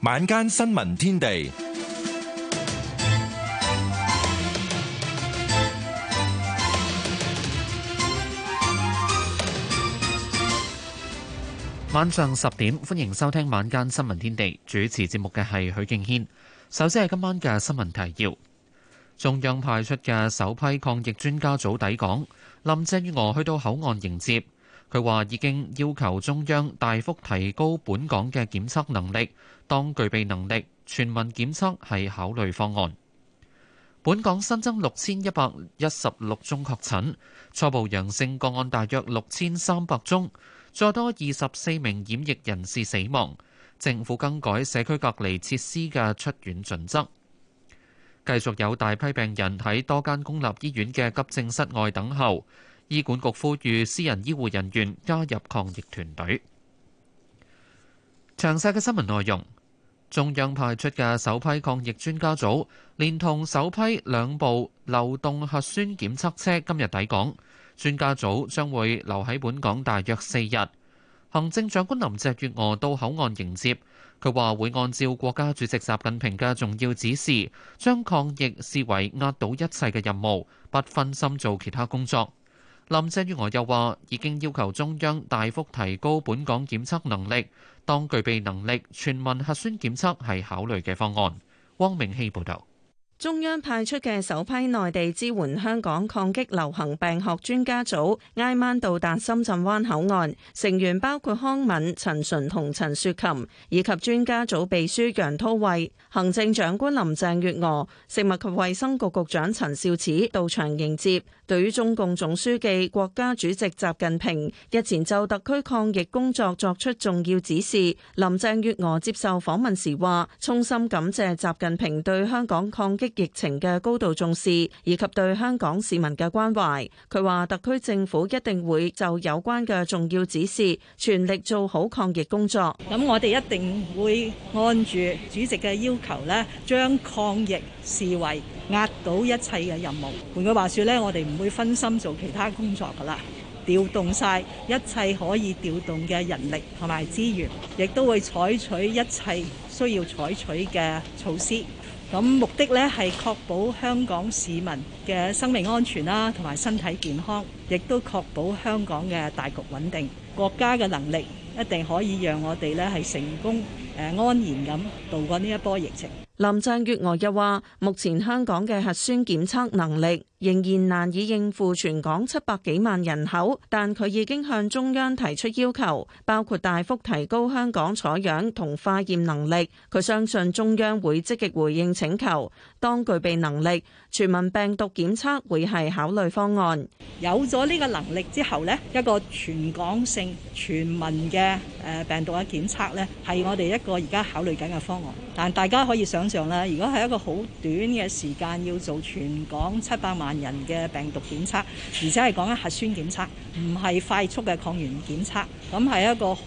晚間新聞天地，晚上十點歡迎收聽晚間新聞天地。主持節目嘅係許敬軒。首先係今晚嘅新聞提要：中央派出嘅首批抗疫專家組抵港，林鄭月娥去到口岸迎接。佢話已經要求中央大幅提高本港嘅檢測能力，當具備能力，全民檢測係考慮方案。本港新增六千一百一十六宗確診，初步陽性個案大約六千三百宗，再多二十四名染疫人士死亡。政府更改社區隔離設施嘅出院準則，繼續有大批病人喺多間公立醫院嘅急症室外等候。醫管局呼籲私人醫護人員加入抗疫團隊。詳細嘅新聞內容，中央派出嘅首批抗疫專家組，連同首批兩部流動核酸檢測車，今日抵港。專家組將會留喺本港大約四日。行政長官林鄭月娥到口岸迎接，佢話會按照國家主席習近平嘅重要指示，將抗疫視為壓倒一切嘅任務，不分心做其他工作。林鄭月娥又話，已經要求中央大幅提高本港檢測能力，當具備能力，全民核酸檢測係考慮嘅方案。汪明希報導。中央派出嘅首批內地支援香港抗擊流行病學專家組挨晚到達深圳灣口岸。成員包括康敏、陳純同陳雪琴，以及專家組秘書楊濤慧。行政長官林鄭月娥、食物及衛生局局長陳肇始到場迎接。對於中共總書記、國家主席習近平日前就特區抗疫工作作出重要指示，林鄭月娥接受訪問時話衷心感謝習近平對香港抗擊疫情嘅高度重視以及對香港市民嘅關懷，佢話特區政府一定會就有關嘅重要指示，全力做好抗疫工作。咁我哋一定會按住主席嘅要求咧，將抗疫視為壓倒一切嘅任務。換句話說咧，我哋唔會分心做其他工作噶啦，調動晒一切可以調動嘅人力同埋資源，亦都會採取一切需要採取嘅措施。咁目的咧係確保香港市民嘅生命安全啦，同埋身體健康，亦都確保香港嘅大局穩定。國家嘅能力一定可以讓我哋咧係成功誒，安然咁度過呢一波疫情。林鄭月娥又話：目前香港嘅核酸檢測能力。仍然難以應付全港七百幾萬人口，但佢已經向中央提出要求，包括大幅提高香港採樣同化驗能力。佢相信中央會積極回應請求。當具備能力，全民病毒檢測會係考慮方案。有咗呢個能力之後咧，一個全港性全民嘅誒病毒嘅檢測咧，係我哋一個而家考慮緊嘅方案。但大家可以想象啦，如果係一個好短嘅時間要做全港七百萬。人嘅病毒檢測，而且係講緊核酸檢測，唔係快速嘅抗原檢測，咁係一個好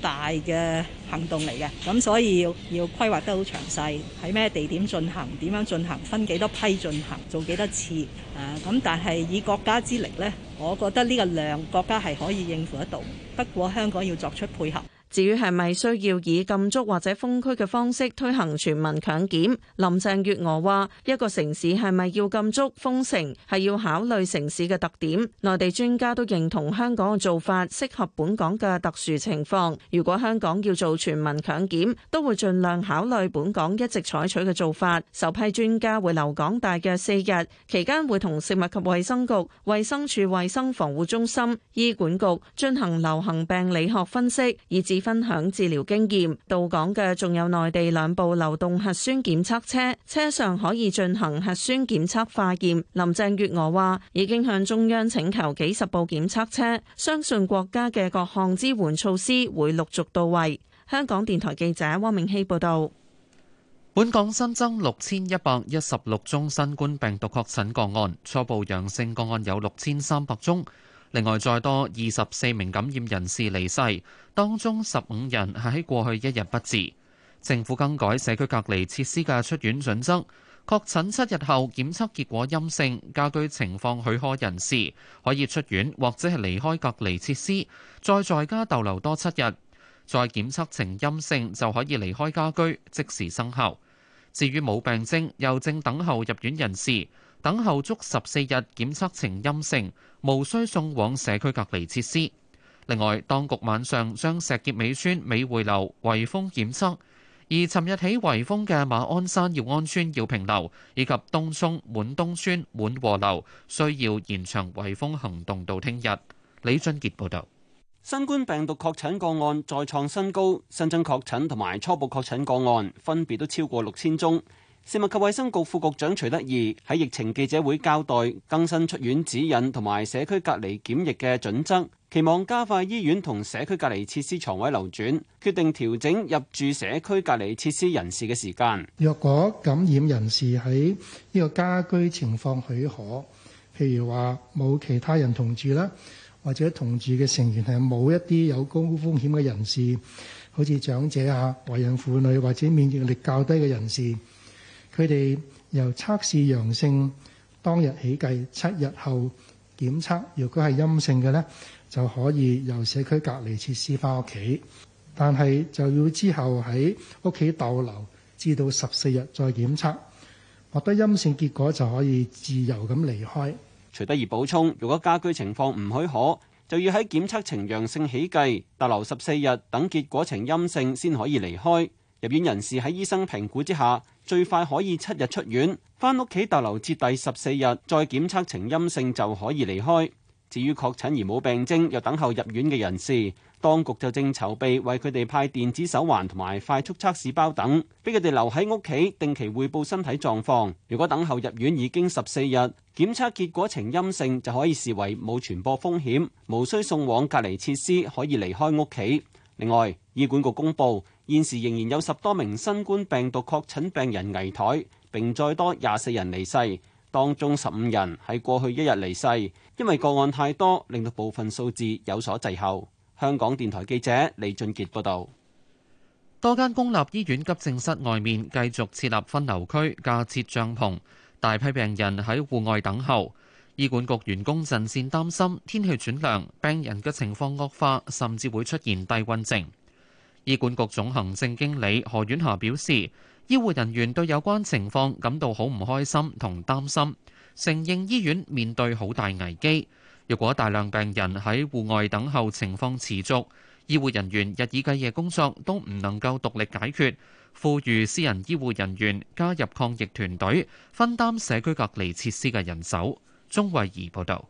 大嘅行動嚟嘅。咁所以要要規劃得好詳細，喺咩地點進行，點樣進行，分幾多批進行，做幾多次，誒、啊，咁但係以國家之力咧，我覺得呢個量國家係可以應付得到，不過香港要作出配合。至於係咪需要以禁足或者封區嘅方式推行全民強檢？林鄭月娥話：一個城市係咪要禁足封城，係要考慮城市嘅特點。內地專家都認同香港嘅做法適合本港嘅特殊情況。如果香港要做全民強檢，都會盡量考慮本港一直採取嘅做法。首批專家會留港大約四日，期間會同食物及衛生局、衛生署、衞生防護中心、醫管局進行流行病理學分析，以至，分享治療經驗。到港嘅仲有內地兩部流動核酸檢測車，車上可以進行核酸檢測化驗。林鄭月娥話：已經向中央請求幾十部檢測車，相信國家嘅各項支援措施會陸續到位。香港電台記者汪明希報道。本港新增六千一百一十六宗新冠病毒確診個案，初步陽性個案有六千三百宗。另外，再多二十四名感染人士離世，當中十五人係喺過去一日不治。政府更改社區隔離設施嘅出院準則，確診七日後檢測結果陰性，家居情況許可人士可以出院或者係離開隔離設施，再在家逗留多七日，再檢測呈陰性就可以離開家居，即時生效。至於冇病症又正等候入院人士。等候足十四日檢測呈陰性，無需送往社區隔離設施。另外，當局晚上將石硤尾村美匯樓圍封檢測，而尋日起圍封嘅馬鞍山耀安村耀平樓以及東涌滿東村滿和樓，需要延長圍封行動到聽日。李俊杰報道，新冠病毒確診個案再創新高，新增確診同埋初步確診個案分別都超過六千宗。食物及衛生局副局長徐德義喺疫情記者會交代更新出院指引同埋社區隔離檢疫嘅準則，期望加快醫院同社區隔離設施床位流轉，決定調整入住社區隔離設施人士嘅時間。若果感染人士喺呢個家居情況許可，譬如話冇其他人同住啦，或者同住嘅成員係冇一啲有高風險嘅人士，好似長者啊、懷孕婦女或者免疫力較低嘅人士。佢哋由測試陽性當日起計七日後檢測，若果係陰性嘅咧，就可以由社區隔離設施翻屋企，但係就要之後喺屋企逗留至到十四日再檢測，獲得陰性結果就可以自由咁離開。徐德義補充，如果家居情況唔許可，就要喺檢測呈陽性起計逗留十四日，等結果呈陰性先可以離開。入院人士喺醫生評估之下，最快可以七日出院，返屋企逗留至第十四日，再檢測呈陰性就可以離開。至於確診而冇病徵又等候入院嘅人士，當局就正籌備為佢哋派電子手環同埋快速測試包等，畀佢哋留喺屋企定期匯報身體狀況。如果等候入院已經十四日，檢測結果呈陰性就可以視為冇傳播風險，無需送往隔離設施，可以離開屋企。另外，醫管局公佈。現時仍然有十多名新冠病毒確診病人危殆，並再多廿四人離世，當中十五人喺過去一日離世。因為個案太多，令到部分數字有所滯後。香港電台記者李俊傑報道，多間公立醫院急症室外面繼續設立分流區，架設帳篷，大批病人喺戶外等候。醫管局員工陣線擔心天氣轉涼，病人嘅情況惡化，甚至會出現低溫症。醫管局總行政經理何婉霞表示，醫護人員對有關情況感到好唔開心同擔心，承認醫院面對好大危機。如果大量病人喺戶外等候情況持續，醫護人員日以繼夜工作都唔能夠獨力解決，呼籲私人醫護人員加入抗疫團隊，分擔社區隔離設施嘅人手。鍾慧儀報道。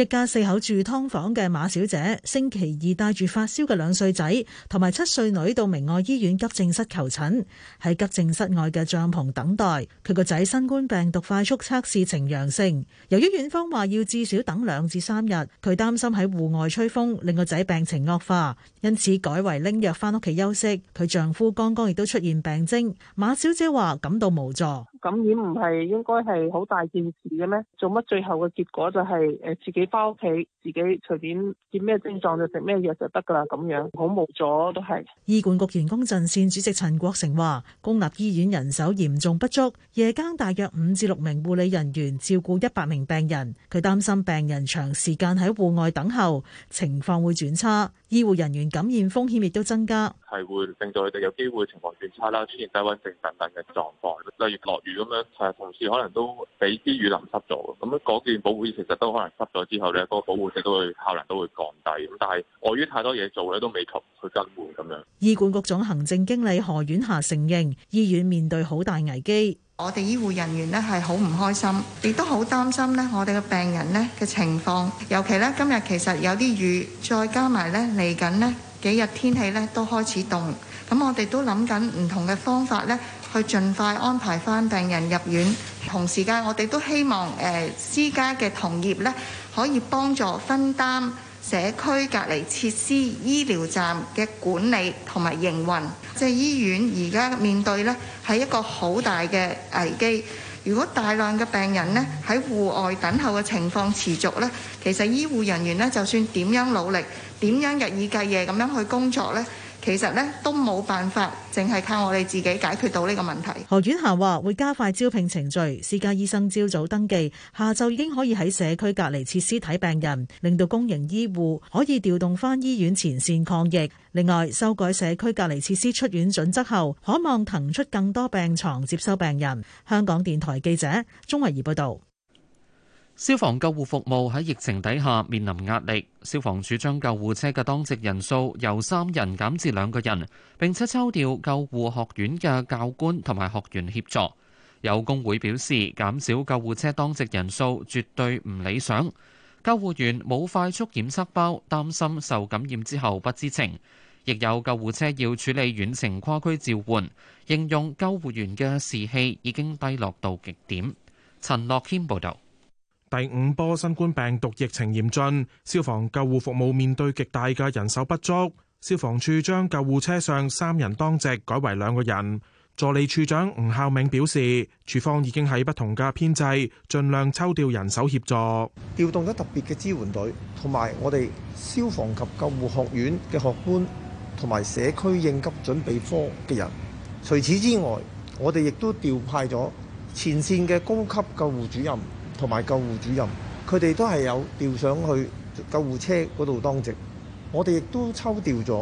一家四口住劏房嘅馬小姐，星期二帶住發燒嘅兩歲仔同埋七歲女到明愛醫院急症室求診，喺急症室外嘅帳篷等待。佢個仔新冠病毒快速測試呈陽性，由於院方話要至少等兩至三日，佢擔心喺戶外吹風令個仔病情惡化，因此改為拎藥翻屋企休息。佢丈夫剛剛亦都出現病徵，馬小姐話感到無助。感染唔係應該係好大件事嘅咩？做乜最後嘅結果就係誒自己翻屋企，自己隨便見咩症狀就食咩藥就得噶啦咁樣好無助都係。醫管局員工陣線主席陳國成話，公立醫院人手嚴重不足，夜間大約五至六名護理人員照顧一百名病人。佢擔心病人長時間喺戶外等候，情況會轉差，醫護人員感染風險亦都增加。係會令到佢哋有機會情況轉差啦，出現低溫症等等嘅狀況，例如落雨咁樣同事可能都俾啲雨淋濕咗。咁樣嗰件保護衣其實都可能濕咗之後呢，嗰個保護性都會效能都會降低。咁但係礙於太多嘢做咧，都未及去更換咁樣。醫管局總行政經理何婉霞承認，醫院面對好大危機。我哋醫護人員呢係好唔開心，亦都好擔心呢我哋嘅病人呢嘅情況。尤其呢，今日其實有啲雨，再加埋呢嚟緊呢幾日天氣呢都開始凍。咁我哋都諗緊唔同嘅方法呢。去盡快安排返病人入院，同時間我哋都希望誒、呃、私家嘅同業呢，可以幫助分擔社區隔離設施、醫療站嘅管理同埋營運。即係醫院而家面對呢係一個好大嘅危機。如果大量嘅病人呢喺戶外等候嘅情況持續呢，其實醫護人員呢就算點樣努力，點樣日以繼夜咁樣去工作呢。其實咧都冇辦法，淨係靠我哋自己解決到呢個問題。何婉霞話：會加快招聘程序，私家醫生朝早登記，下晝已經可以喺社區隔離設施睇病人，令到公營醫護可以調動翻醫院前線抗疫。另外，修改社區隔離設施出院準則後，可望騰出更多病床接收病人。香港電台記者鍾維儀報道。消防救護服務喺疫情底下面臨壓力，消防處將救護車嘅當值人數由三人減至兩個人，並且抽調救護學院嘅教官同埋學員協助。有工會表示，減少救護車當值人數絕對唔理想。救護員冇快速檢測包，擔心受感染之後不知情。亦有救護車要處理遠程跨區召喚，形容救護員嘅士氣已經低落到極點。陳樂謙報道。第五波新冠病毒疫情嚴峻，消防救護服務面對極大嘅人手不足。消防處將救護車上三人當值改為兩個人。助理處長吳孝銘表示，處方已經喺不同嘅編制，盡量抽調人手協助，調動咗特別嘅支援隊，同埋我哋消防及救護學院嘅學官，同埋社區應急準備科嘅人。除此之外，我哋亦都調派咗前線嘅高級救護主任。同埋救護主任，佢哋都係有調上去救護車嗰度當值。我哋亦都抽調咗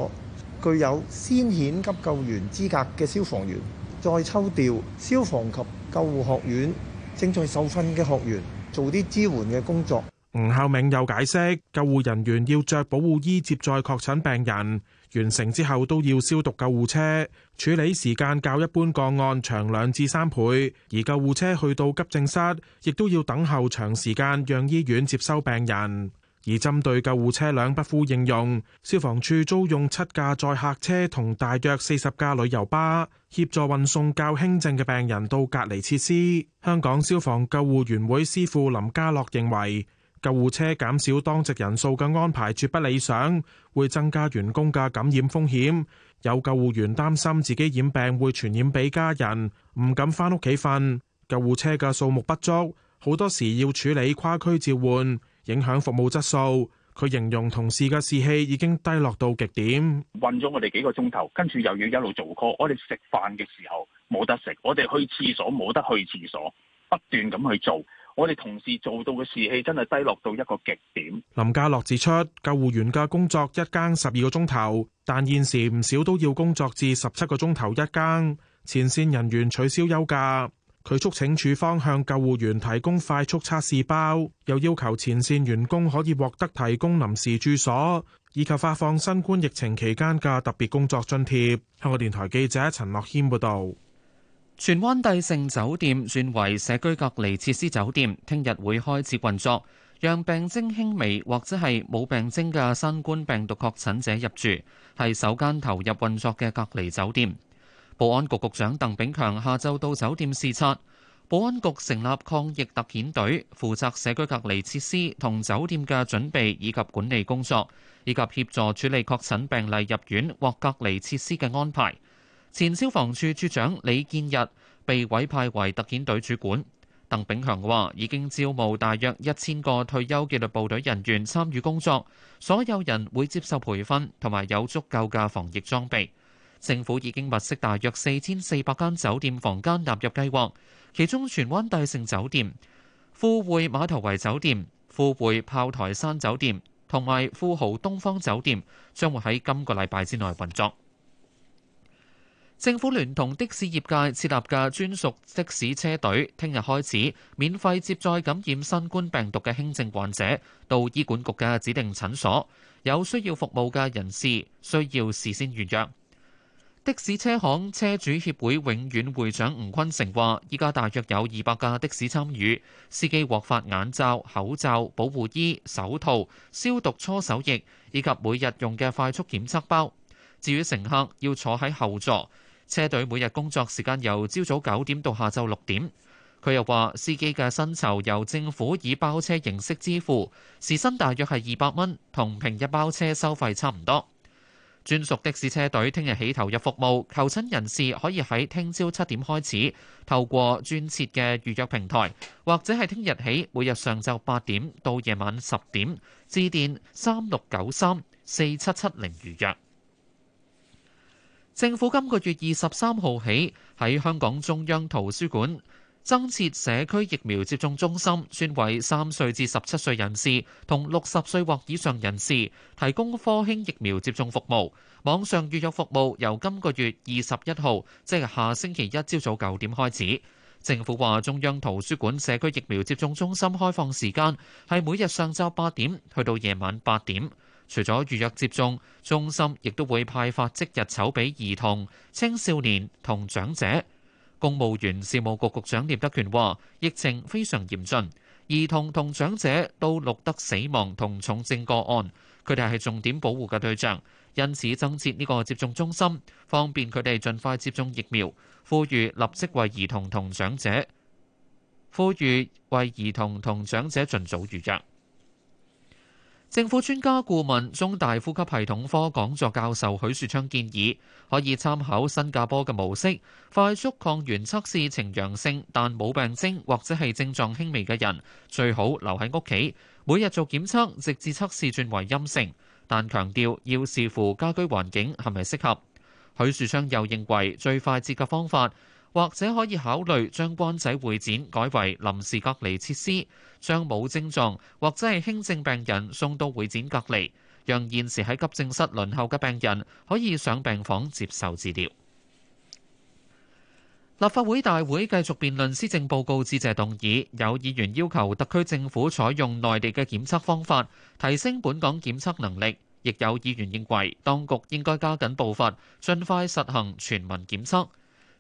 具有先遣急救員資格嘅消防員，再抽調消防及救護學院正在受訓嘅學員，做啲支援嘅工作。吳孝明又解釋，救護人員要着保護衣接載確診病人，完成之後都要消毒救護車。處理時間較一般個案長兩至三倍，而救護車去到急症室，亦都要等候長時間，讓醫院接收病人。而針對救護車輛不敷應用，消防處租用七架載客車同大約四十架旅遊巴協助運送較輕症嘅病人到隔離設施。香港消防救護員會師傅林家樂認為。救護車減少當值人數嘅安排絕不理想，會增加員工嘅感染風險。有救護員擔心自己染病會傳染俾家人，唔敢翻屋企瞓。救護車嘅數目不足，好多時要處理跨區召喚，影響服務質素。佢形容同事嘅士氣已經低落到極點，韫咗我哋幾個鐘頭，跟住又要一路做 call 我。我哋食飯嘅時候冇得食，我哋去廁所冇得去廁所，不斷咁去做。我哋同事做到嘅士氣真係低落到一個極點。林家樂指出，救護員嘅工作一更十二個鐘頭，但現時唔少都要工作至十七個鐘頭一更。前線人員取消休假，佢促請處方向救護員提供快速測試包，又要求前線員工可以獲得提供臨時住所，以及發放新冠疫情期間嘅特別工作津貼。香港電台記者陳樂謙報導。荃灣帝盛酒店轉為社區隔離設施酒店，聽日會開始運作，讓病徵輕微或者係冇病徵嘅新冠病毒確診者入住，係首間投入運作嘅隔離酒店。保安局局長鄧炳強下晝到酒店視察。保安局成立抗疫特遣隊，負責社區隔離設施同酒店嘅準備以及管理工作，以及協助處理確診病例入院或隔離設施嘅安排。前消防處處長李建日被委派為特遣隊主管。鄧炳強話：已經招募大約一千個退休紀律部隊人員參與工作，所有人會接受培訓，同埋有足夠嘅防疫裝備。政府已經物色大約四千四百間酒店房間納入計劃，其中荃灣帝盛酒店、富匯馬頭圍酒店、富匯炮台山酒店同埋富豪東方酒店將會喺今個禮拜之內運作。政府聯同的士業界設立嘅專屬的士車隊，聽日開始免費接載感染新冠病毒嘅輕症患者到醫管局嘅指定診所。有需要服務嘅人士需要事先預約。的士車行車主協會永遠會長吳坤成話，依家大約有二百架的士參與，司機獲發眼罩、口罩、保護衣、手套、消毒搓手液以及每日用嘅快速檢測包。至於乘客要坐喺後座。車隊每日工作時間由朝早九點到下晝六點。佢又話：司機嘅薪酬由政府以包車形式支付，時薪大約係二百蚊，同平日包車收費差唔多。專屬的士車隊聽日起投入服務，求診人士可以喺聽朝七點開始透過專設嘅預約平台，或者係聽日起每日上晝八點到夜晚十點，致電三六九三四七七零預約。政府今個月二十三號起喺香港中央圖書館增設社區疫苗接種中心，專為三歲至十七歲人士同六十歲或以上人士提供科興疫苗接種服務。網上預約服務由今個月二十一號，即係下星期一朝早九點開始。政府話中央圖書館社區疫苗接種中心開放時間係每日上晝八點去到夜晚八點。除咗預約接種中心，亦都會派發即日籌俾兒童、青少年同長者。公務員事務局局長聶德權話，疫情非常嚴峻，兒童同長者都錄得死亡同重症個案，佢哋係重點保護嘅對象，因此增設呢個接種中心，方便佢哋盡快接種疫苗。呼籲立即為兒童同長者，呼籲為兒童同長者盡早預約。政府專家顧問、中大呼吸系統科講座教授許樹昌建議，可以參考新加坡嘅模式，快速抗原測試呈陽性但冇病徵或者係症狀輕微嘅人，最好留喺屋企，每日做檢測，直至測試轉為陰性。但強調要視乎家居環境係咪適合。許樹昌又認為最快捷嘅方法，或者可以考慮將灣仔會展改為臨時隔離設施，將冇症狀或者係輕症病人送到會展隔離，讓現時喺急症室輪候嘅病人可以上病房接受治療。立法會大會繼續辯論施政報告致謝動議，有議員要求特區政府採用內地嘅檢測方法，提升本港檢測能力；亦有議員認為當局應該加緊步伐，盡快實行全民檢測。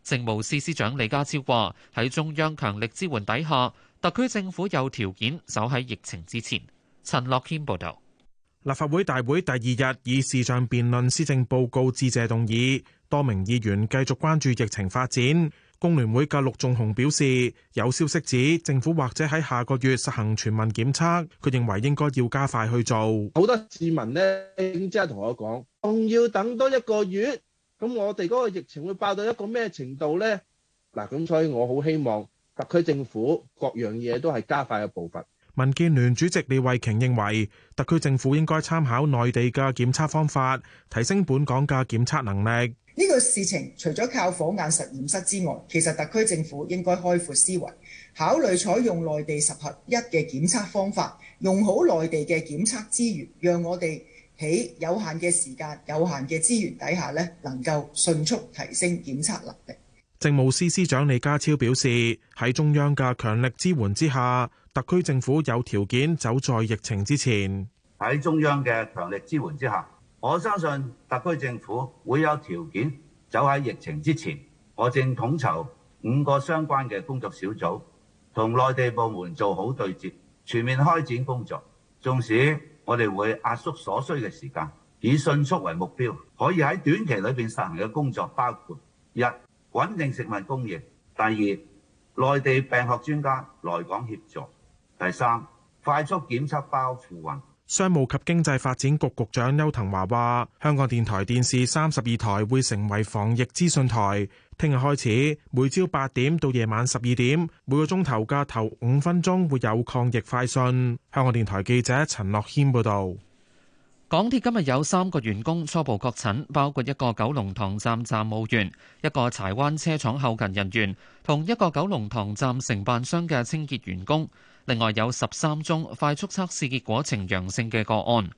政務司司長李家超話喺中央強力支援底下，特區政府有條件走喺疫情之前。陳樂謙報道，立法會大會第二日以視像辯論施政報告致謝動議，多名議員繼續關注疫情發展。工聯會嘅陸頌雄表示，有消息指政府或者喺下個月實行全民檢測，佢認為應該要加快去做。好多市民呢，即刻同我講，仲要等多一個月。咁我哋嗰個疫情會爆到一個咩程度呢？嗱，咁所以我好希望特區政府各樣嘢都係加快嘅步伐。民建聯主席李慧瓊認為，特區政府應該參考內地嘅檢測方法，提升本港嘅檢測能力。呢個事情除咗靠火眼實驗室之外，其實特區政府應該開闊思維，考慮採用內地十合一嘅檢測方法，用好內地嘅檢測資源，讓我哋，喺有限嘅時間、有限嘅資源底下呢，能夠迅速提升檢測能力。政務司司長李家超表示：喺中央嘅強力支援之下，特區政府有條件走在疫情之前。喺中央嘅強力支援之下，我相信特區政府會有條件走喺疫情之前。我正統籌五個相關嘅工作小組，同內地部門做好對接，全面開展工作。縱使我哋會壓縮所需嘅時間，以迅速為目標。可以喺短期裏邊實行嘅工作包括：一、穩定食物供應；第二，內地病學專家來港協助；第三，快速檢測包付運。商務及經濟發展局局長邱騰華話：香港電台電視三十二台會成為防疫資訊台。聽日開始，每朝八點到夜晚十二點，每個鐘頭嘅頭五分鐘會有抗疫快訊。香港電台記者陳樂謙報道。港鐵今日有三個員工初步確診，包括一個九龍塘站站務員、一個柴灣車廠後勤人員，同一個九龍塘站承辦商嘅清潔員工。另外有十三宗快速測試結果呈陽性嘅個案。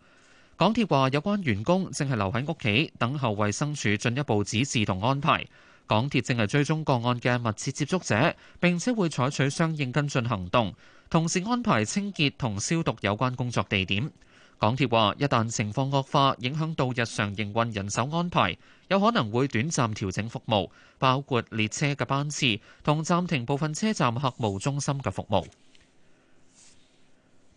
港鐵話，有關員工正係留喺屋企等候衛生署進一步指示同安排。港鐵正係追蹤個案嘅密切接觸者，並且會採取相應跟進行動，同時安排清潔同消毒有關工作地點。港鐵話，一旦情況惡化，影響到日常營運人手安排，有可能會短暫調整服務，包括列車嘅班次同暫停部分車站客務中心嘅服務。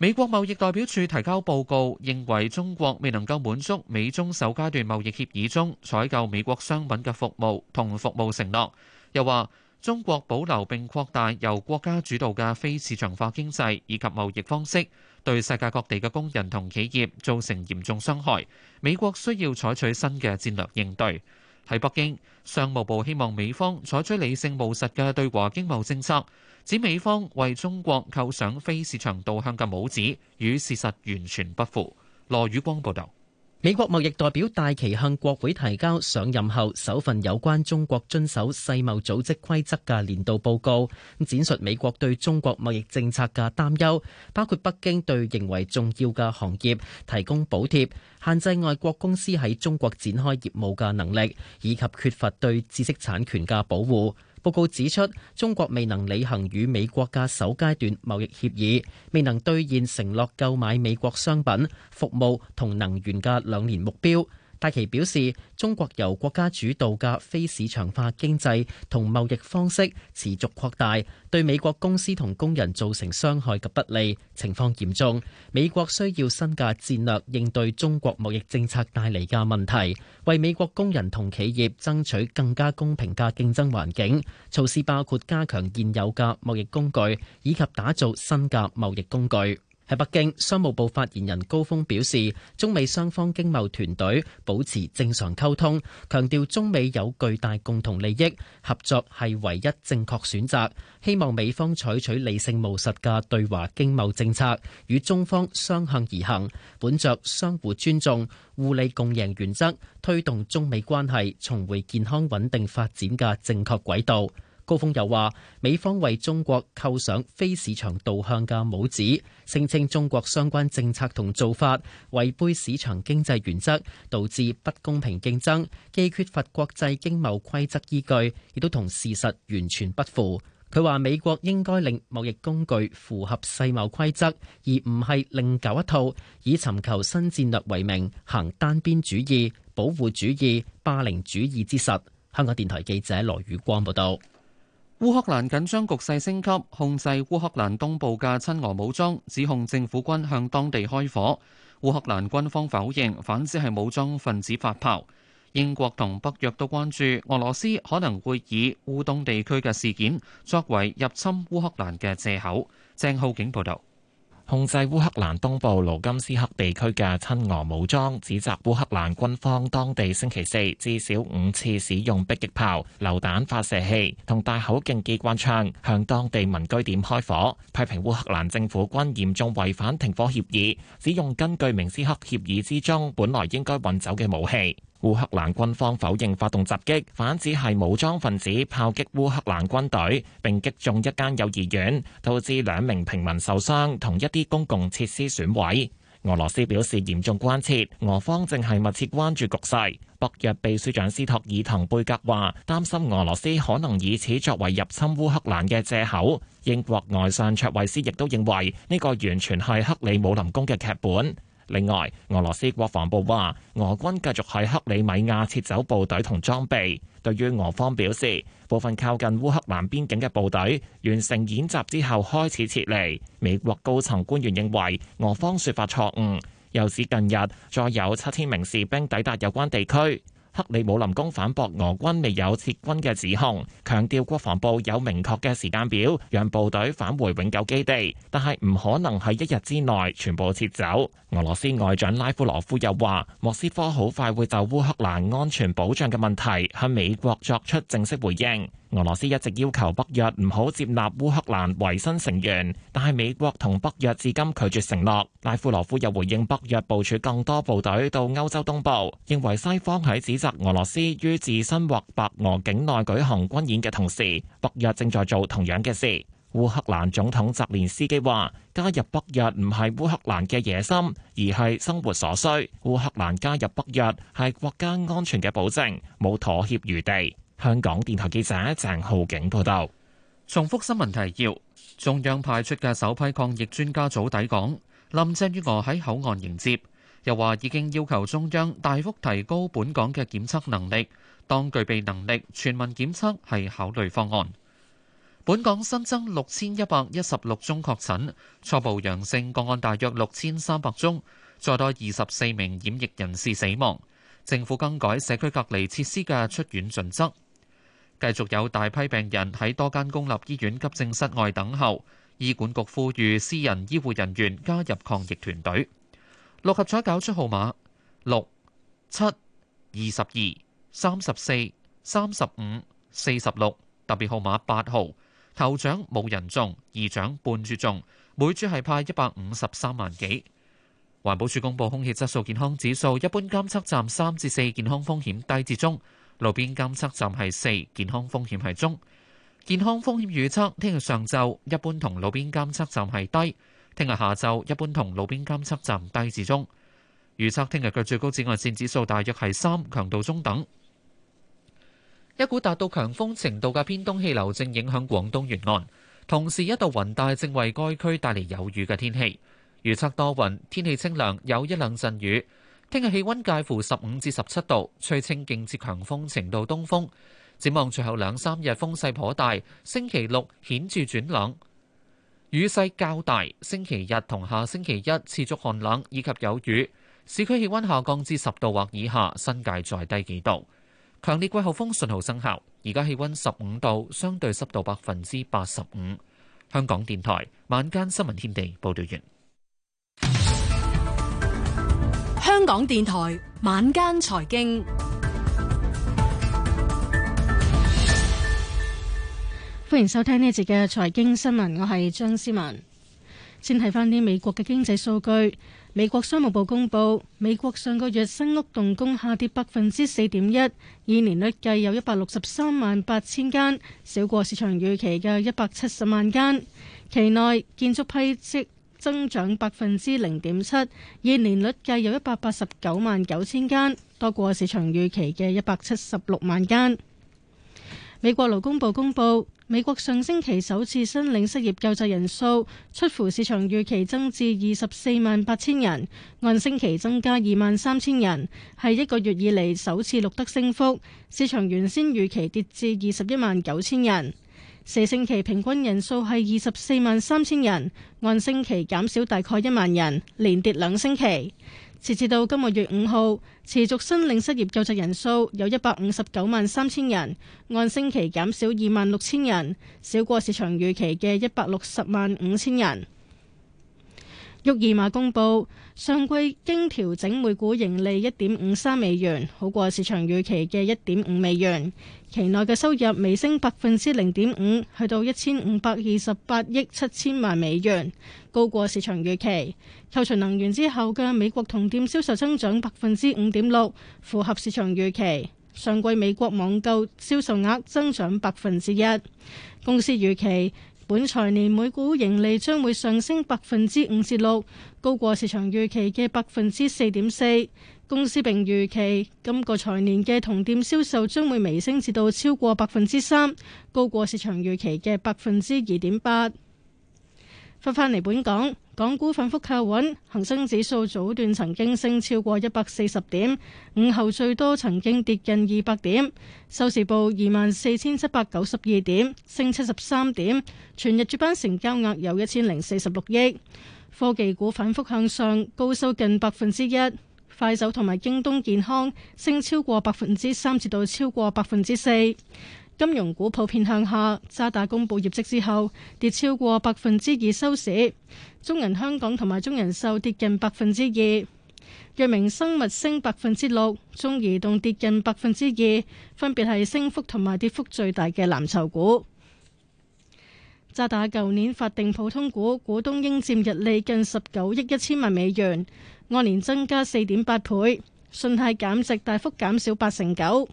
美國貿易代表處提交報告，認為中國未能夠滿足美中首階段貿易協議中採購美國商品嘅服務同服務承諾。又話中國保留並擴大由國家主導嘅非市場化經濟以及貿易方式，對世界各地嘅工人同企業造成嚴重傷害。美國需要採取新嘅戰略應對。喺北京，商務部希望美方採取理性務實嘅對華經貿政策，指美方為中國扣上非市場導向嘅帽子，與事實完全不符。羅宇光報道。美國貿易代表戴琪向國會提交上任後首份有關中國遵守世貿組織規則嘅年度報告，展述美國對中國貿易政策嘅擔憂，包括北京對認為重要嘅行業提供補貼、限制外國公司喺中國展開業務嘅能力，以及缺乏對知識產權嘅保護。報告指出，中國未能履行與美國嘅首階段貿易協議，未能兌現承諾購買美國商品、服務同能源嘅兩年目標。戴奇表示，中國由國家主導嘅非市場化經濟同貿易方式持續擴大，對美國公司同工人造成傷害及不利情況嚴重。美國需要新嘅戰略應對中國貿易政策帶嚟嘅問題，為美國工人同企業爭取更加公平嘅競爭環境。措施包括加強現有嘅貿易工具，以及打造新嘅貿易工具。喺北京，商務部發言人高峰表示，中美雙方經貿團隊保持正常溝通，強調中美有巨大共同利益，合作係唯一正確選擇。希望美方採取理性務實嘅對華經貿政策，與中方相向而行，本着相互尊重、互利共贏原則，推動中美關係重回健康穩定發展嘅正確軌道。高峰又話，美方為中國扣上非市場導向嘅帽子，聲稱中國相關政策同做法違背市場經濟原則，導致不公平競爭，既缺乏國際經貿規則依據，亦都同事實完全不符。佢話美國應該令貿易工具符合世貿規則，而唔係另搞一套，以尋求新戰略為名，行單邊主義、保護主義、霸凌主義之實。香港電台記者羅宇光報道。烏克蘭緊張局勢升級，控制烏克蘭東部嘅親俄武裝指控政府軍向當地開火，烏克蘭軍方否認，反指係武裝分子發炮。英國同北約都關注俄羅斯可能會以烏東地區嘅事件作為入侵烏克蘭嘅藉口。鄭浩景報導。控制烏克蘭東部盧甘斯克地區嘅親俄武裝指責烏克蘭軍方當地星期四至少五次使用迫擊炮、榴彈發射器同大口徑機關槍向當地民居點開火，批評烏克蘭政府軍嚴重違反停火協議，使用根據明斯克協議之中本來應該運走嘅武器。烏克蘭軍方否認發動襲擊，反指係武裝分子炮擊烏克蘭軍隊，並擊中一間幼兒園，導致兩名平民受傷，同一啲公共設施損毀。俄羅斯表示嚴重關切，俄方正係密切關注局勢。北約秘書長斯托爾滕貝格話，擔心俄羅斯可能以此作為入侵烏克蘭嘅借口。英國外相卓慧思亦都認為呢個完全係克里姆林宮嘅劇本。另外，俄羅斯國防部話，俄軍繼續喺克里米亞撤走部隊同裝備。對於俄方表示，部分靠近烏克蘭邊境嘅部隊完成演習之後開始撤離。美國高層官員認為俄方説法錯誤。又指近日再有七千名士兵抵達有關地區。克里姆林宮反駁俄軍未有撤軍嘅指控，強調國防部有明確嘅時間表，讓部隊返回永久基地，但係唔可能喺一日之內全部撤走。俄羅斯外長拉夫羅夫又話，莫斯科好快會就烏克蘭安全保障嘅問題向美國作出正式回應。俄羅斯一直要求北約唔好接納烏克蘭為新成員，但係美國同北約至今拒絕承諾。拉夫羅夫又回應北約部署更多部隊到歐洲東部，認為西方喺指責俄羅斯於自身或白俄境內舉行軍演嘅同時，北約正在做同樣嘅事。烏克蘭總統澤連斯基話：加入北約唔係烏克蘭嘅野心，而係生活所需。烏克蘭加入北約係國家安全嘅保證，冇妥協餘地。香港電台記者鄭浩景報道，重複新聞提要：中央派出嘅首批抗疫專家組抵港，林鄭月娥喺口岸迎接，又話已經要求中央大幅提高本港嘅檢測能力。當具備能力，全民檢測係考慮方案。本港新增六千一百一十六宗確診，初步陽性個案大約六千三百宗，再多二十四名染疫人士死亡。政府更改社區隔離設施嘅出院準則。繼續有大批病人喺多間公立醫院急症室外等候，醫管局呼籲私人醫護人員加入抗疫團隊。六合彩搞出號碼六七二十二、三十四、三十五、四十六，特別號碼八號。頭獎冇人中，二獎半注中，每注係派一百五十三萬幾。環保署公布空氣質素健康指數，一般監測站三至四，健康風險低至中。路邊監測站係四，健康風險係中。健康風險預測：聽日上晝一般同路邊監測站係低，聽日下晝一般同路邊監測站低至中。預測聽日嘅最高紫外線指數大約係三，強度中等。一股達到強風程度嘅偏東氣流正影響廣東沿岸，同時一度雲帶正為該區帶嚟有雨嘅天氣。預測多雲，天氣清涼，有一兩陣雨。聽日氣溫介乎十五至十七度，吹清勁至強風程度東風。展望最後兩三日風勢頗大，星期六顯著轉冷，雨勢較大。星期日同下星期一持續寒冷以及有雨，市區氣溫下降至十度或以下，新界再低幾度。強烈季候風信號生效，而家氣溫十五度，相對濕度百分之八十五。香港電台晚間新聞天地報道完。香港電台晚間財經，歡迎收聽呢節嘅財經新聞，我係張思文。先睇翻啲美國嘅經濟數據，美國商務部公布，美國上個月新屋動工下跌百分之四點一，以年率計有一百六十三萬八千間，少過市場預期嘅一百七十萬間。期內建築批積。增長百分之零點七，以年率計有一百八十九萬九千間，多過市場預期嘅一百七十六萬間。美國勞工部公佈，美國上星期首次申領失業救濟人數出乎市場預期，增至二十四萬八千人，按星期增加二萬三千人，係一個月以嚟首次錄得升幅。市場原先預期跌至二十一萬九千人。四星期平均人數係二十四萬三千人，按星期減少大概一萬人，連跌兩星期。截至到今個月五號，持續申領失業救濟人數有一百五十九萬三千人，按星期減少二萬六千人，少過市場預期嘅一百六十萬五千人。沃爾瑪公佈。上季經調整每股盈利一點五三美元，好過市場預期嘅一點五美元。期內嘅收入微升百分之零點五，去到一千五百二十八億七千萬美元，高過市場預期。扣除能源之後嘅美國同店銷售增長百分之五點六，符合市場預期。上季美國網購銷售額增長百分之一，公司預期。本財年每股盈利將會上升百分之五至六，高過市場預期嘅百分之四點四。公司並預期今個財年嘅同店銷售將會微升至到超過百分之三，高過市場預期嘅百分之二點八。翻返嚟本港。港股反覆靠穩，恒生指數早段曾經升超過一百四十點，午後最多曾經跌近二百點，收市報二萬四千七百九十二點，升七十三點。全日主板成交額有一千零四十六億。科技股反覆向上，高收近百分之一，快手同埋京東健康升超過百分之三至到超過百分之四。金融股普遍向下，渣打公布業績之後跌超過百分之二收市。中銀香港同埋中人壽跌近百分之二，藥明生物升百分之六，中移動跌近百分之二，分別係升幅同埋跌幅最大嘅藍籌股。渣打舊年法定普通股股東應佔溢利近十九億一千萬美元，按年增加四點八倍，信貸減值大幅減少八成九。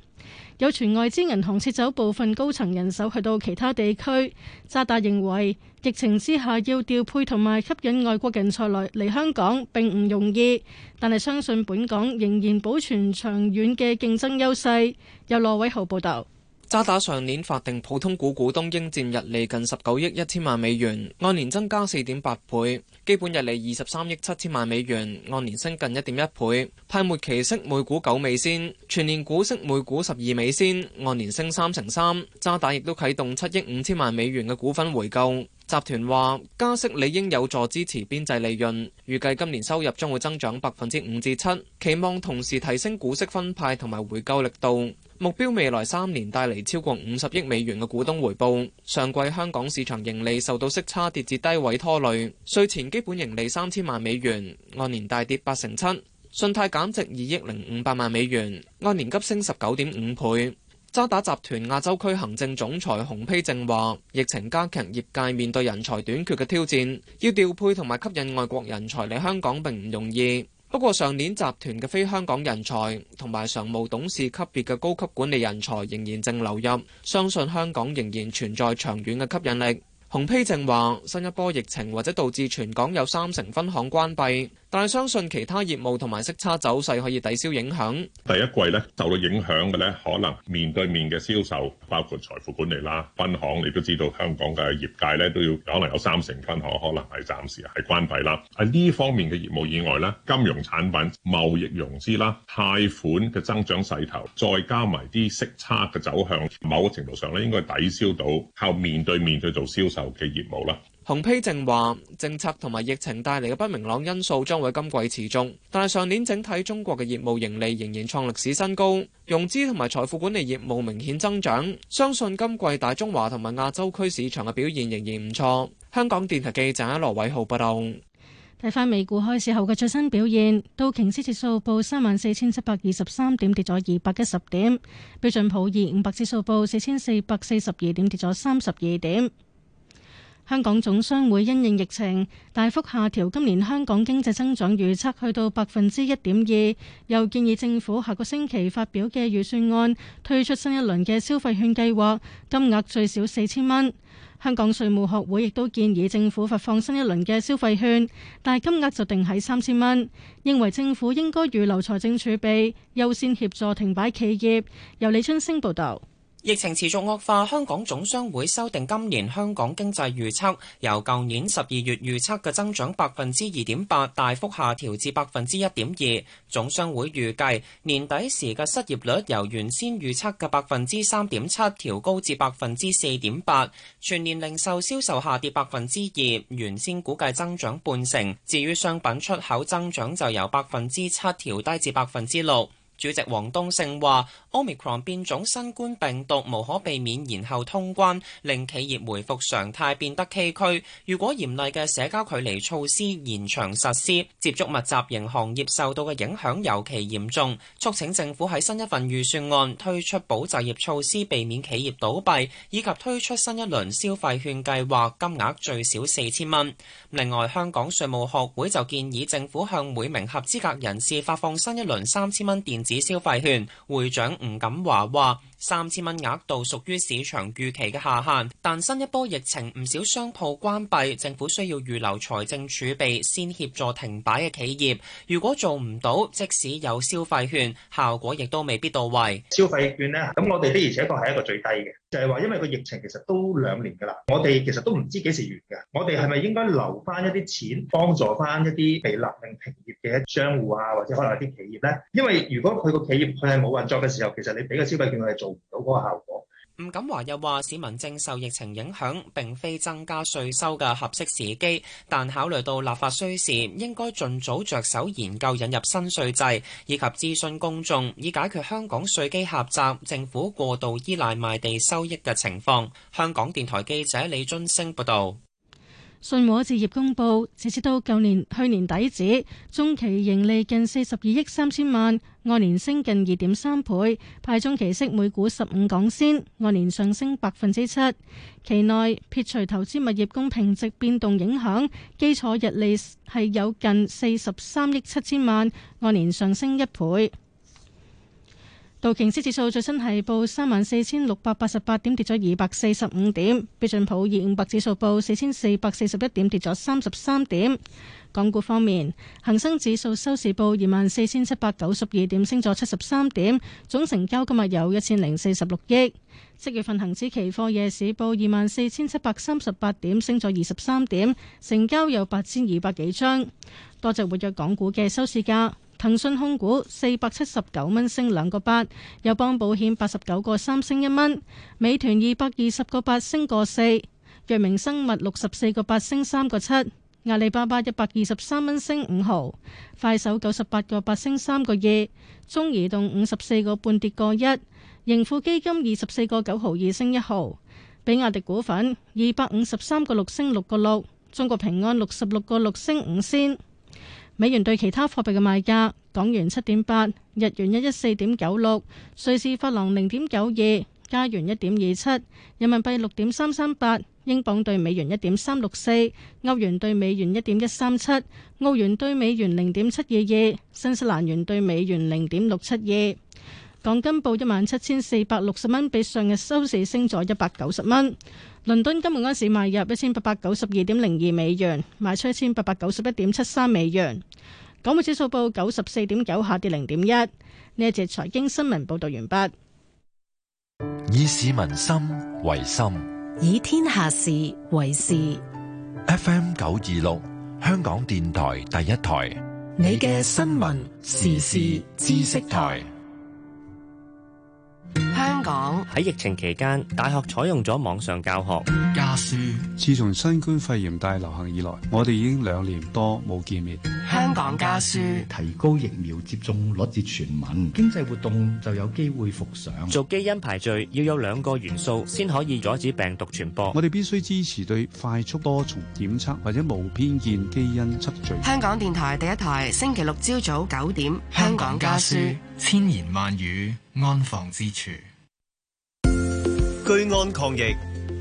有傳外資銀行撤走部分高層人手去到其他地區。渣打認為疫情之下要調配同埋吸引外國人才來嚟香港並唔容易，但係相信本港仍然保存長遠嘅競爭優勢。有羅偉豪報導。渣打上年法定普通股股東應佔日利近十九億一千萬美元，按年增加四點八倍；基本日利二十三億七千萬美元，按年升近一點一倍。派末期息每股九美仙，全年股息每股十二美仙，按年升三成三。渣打亦都啟動七億五千萬美元嘅股份回購。集團話加息理應有助支持邊際利潤，預計今年收入將會增長百分之五至七，7，期望同時提升股息分派同埋回購力度。目標未來三年帶嚟超過五十億美元嘅股東回報。上季香港市場盈利受到息差跌至低位拖累，稅前基本盈利三千萬美元，按年大跌八成七。信貸減值二億零五百萬美元，按年急升十九點五倍。渣打集團亞洲區行政總裁洪丕正話，疫情加強業界面對人才短缺嘅挑戰，要調配同埋吸引外國人才嚟香港並唔容易。不過上年集團嘅非香港人才同埋常務董事級別嘅高級管理人才仍然正流入，相信香港仍然存在長遠嘅吸引力。洪丕正話，新一波疫情或者導致全港有三成分行關閉。但係相信其他業務同埋息差走勢可以抵消影響。第一季咧受到影響嘅咧，可能面對面嘅銷售，包括財富管理啦、分行，你都知道香港嘅業界咧都要可能有三成分行可能係暫時係關閉啦。喺呢方面嘅業務以外咧，金融產品、貿易融資啦、貸款嘅增長勢頭，再加埋啲息差嘅走向，某個程度上咧應該抵消到靠面對面去做銷售嘅業務啦。同批正話，政策同埋疫情帶嚟嘅不明朗因素將會今季持續，但係上年整體中國嘅業務盈利仍然創歷史新高，融資同埋財富管理業務明顯增長，相信今季大中華同埋亞洲區市場嘅表現仍然唔錯。香港電台記者羅偉浩報道。睇返美股開市後嘅最新表現，道瓊斯指數報三萬四千七百二十三點，跌咗二百一十點；標準普爾五百指數報四千四百四十二點，跌咗三十二點。香港總商會因應疫情大幅下調今年香港經濟增長預測去到百分之一點二，又建議政府下個星期發表嘅預算案推出新一輪嘅消費券計劃，金額最少四千蚊。香港稅務學會亦都建議政府發放新一輪嘅消費券，但金額就定喺三千蚊，認為政府應該預留財政儲備，優先協助停擺企業。由李春升報道。疫情持續惡化，香港總商會修訂今年香港經濟預測，由舊年十二月預測嘅增長百分之二點八大幅下調至百分之一點二。總商會預計，年底時嘅失業率由原先預測嘅百分之三點七調高至百分之四點八。全年零售銷售下跌百分之二，原先估計增長半成。至於商品出口增長就由百分之七調低至百分之六。主席王東勝話：Omicron 變種新冠病毒無可避免延後通關，令企業回復常態變得崎嶇。如果嚴厲嘅社交距離措施延長實施，接觸密集型行業受到嘅影響尤其嚴重。促請政府喺新一份預算案推出保就業措施，避免企業倒閉，以及推出新一輪消費券計劃，金額最少四千蚊。另外，香港稅務學會就建議政府向每名合資格人士發放新一輪三千蚊電。指消費券，會長吳錦華話。三千蚊額度屬於市場預期嘅下限，但新一波疫情唔少商鋪關閉，政府需要預留財政儲備先協助停擺嘅企業。如果做唔到，即使有消費券，效果亦都未必到位。消費券呢，咁我哋的而且確係一,一個最低嘅，就係話因為個疫情其實都兩年噶啦，我哋其實都唔知幾時完嘅，我哋係咪應該留翻一啲錢幫助翻一啲被勒令停業嘅商戶啊，或者可能一啲企業呢？因為如果佢個企業佢係冇運作嘅時候，其實你俾個消費券佢係做。吳錦華又話：市民正受疫情影響，並非增加稅收嘅合適時機，但考慮到立法需時，應該盡早着手研究引入新稅制，以及諮詢公眾，以解決香港稅基狹窄、政府過度依賴賣地收益嘅情況。香港電台記者李津升報道。信和置業公布，截至到舊年去年底止，中期盈利近四十二億三千萬，按年升近二點三倍，派中期息每股十五港仙，按年上升百分之七。期內撇除投資物業公平值變動影響，基礎盈利係有近四十三億七千萬，按年上升一倍。道瓊斯指數最新係報三萬四千六百八十八點，跌咗二百四十五點。標準普爾五百指數報四千四百四十一點，跌咗三十三點。港股方面，恒生指數收市報二萬四千七百九十二點，升咗七十三點。總成交今日有一千零四十六億。七月份恒指期貨夜市報二萬四千七百三十八點，升咗二十三點，成交有八千二百幾張。多隻活躍港股嘅收市價。騰訊控股四百七十九蚊升兩個八，友邦保險八十九個三升一蚊，美團二百二十個八升個四，藥明生物六十四個八升三個七，阿里巴巴一百二十三蚊升五毫，快手九十八個八升三個二，中移動五十四個半跌個一，盈富基金二十四個九毫二升一毫，比亞迪股份二百五十三個六升六個六，中國平安六十六個六升五先。美元對其他貨幣嘅賣價：港元七點八，日元一一四點九六，瑞士法郎零點九二，加元一點二七，人民幣六點三三八，英鎊對美元一點三六四，歐元對美元一點一三七，澳元對美元零點七二二，新西蘭元對美元零點六七二。港金報一萬七千四百六十蚊，比上日收市升咗一百九十蚊。倫敦金每盎司買入一千八百九十二點零二美元，賣出一千八百九十一點七三美元。港匯指數報九十四點九，下跌零點一。呢一節財經新聞報道完畢。以市民心為心，以天下事為事。FM 九二六，香港電台第一台，你嘅新聞時事知識台。香港喺疫情期間，大學採用咗網上教學。書自從新冠肺炎大流行以來，我哋已經兩年多冇見面。香港家書提高疫苗接種率至全民，經濟活動就有機會複上。做基因排序要有兩個元素，先可以阻止病毒傳播。我哋必須支持對快速多重檢測或者無偏見基因測序。香港電台第一台星期六朝早九點，香港家書，香港家書千言萬語安放之處，居安抗疫。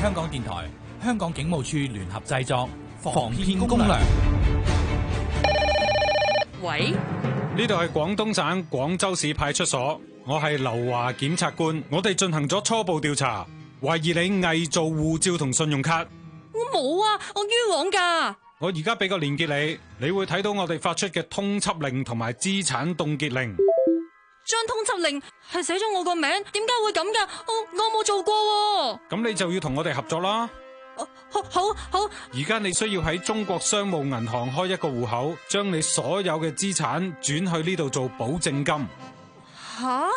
香港電台、香港警務處聯合製作《防騙攻略》。喂，呢度係廣東省廣州市派出所，我係劉華檢察官。我哋進行咗初步調查，懷疑你偽造護照同信用卡。我冇啊，我冤枉㗎。我而家俾個連結你，你會睇到我哋發出嘅通緝令同埋資產凍結令。張通緝令係寫咗我個名，點解會咁噶？我我冇做過啊。咁你就要同我哋合作啦。啊。好好好。而家你需要喺中國商務銀行開一個戶口，將你所有嘅資產轉去呢度做保證金。吓？啊？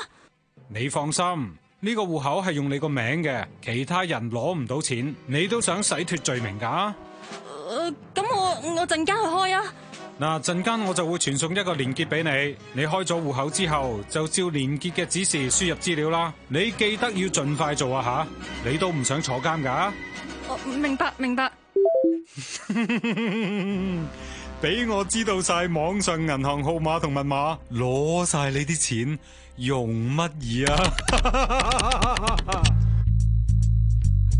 你放心，呢個戶口係用你個名嘅，其他人攞唔到錢。你都想洗脫罪名噶？誒，啊，咁我我陣間去開啊。嗱，陣間我就會傳送一個連結俾你，你開咗戶口之後，就照連結嘅指示輸入資料啦。你記得要盡快做啊吓，你都唔想坐監噶。我明白明白，俾 我知道晒網上銀行號碼同密碼，攞晒你啲錢，用乜嘢啊？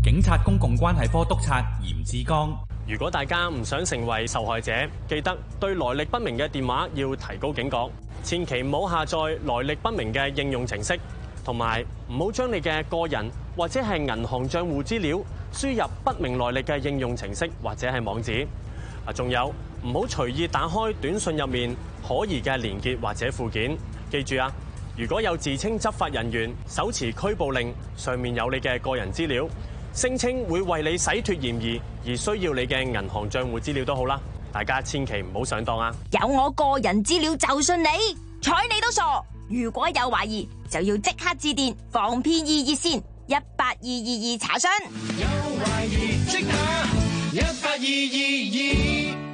警察公共關係科督察嚴志剛。如果大家唔想成為受害者，記得對來歷不明嘅電話要提高警覺，千祈唔好下載來歷不明嘅應用程式，同埋唔好將你嘅個人或者係銀行賬戶資料輸入不明來歷嘅應用程式或者係網址。啊，仲有唔好隨意打開短信入面可疑嘅連結或者附件。記住啊，如果有自稱執法人員手持拘捕令，上面有你嘅個人資料，聲稱會為你洗脱嫌疑而需要你嘅銀行賬戶資料都好啦，大家千祈唔好上當啊！有我個人資料就信你，睬你都傻！如果有懷疑，就要即刻致電防騙易熱線一八二二二查詢。有懷疑即打一八二二二。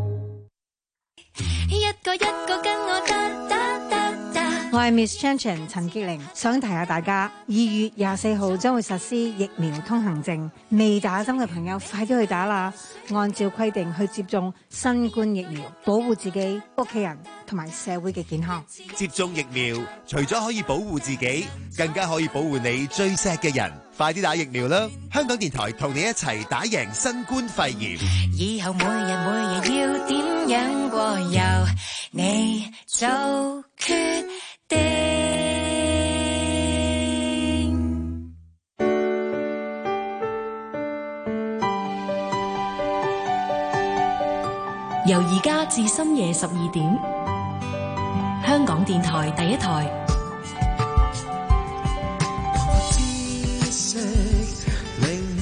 我係 Miss Chan 陳潔玲，想提下大家，二月廿四號將會實施疫苗通行證，未打針嘅朋友快啲去打啦，按照規定去接種新冠疫苗，保護自己屋企人、同埋社會嘅健康，接種疫苗除咗可以保護自己，更加可以保護你最錫嘅人，快啲打疫苗啦！香港電台同你一齊打贏新冠肺炎。以後每日每日要點樣過？由你做決定。由而家至深夜十二點。香港電台第一台。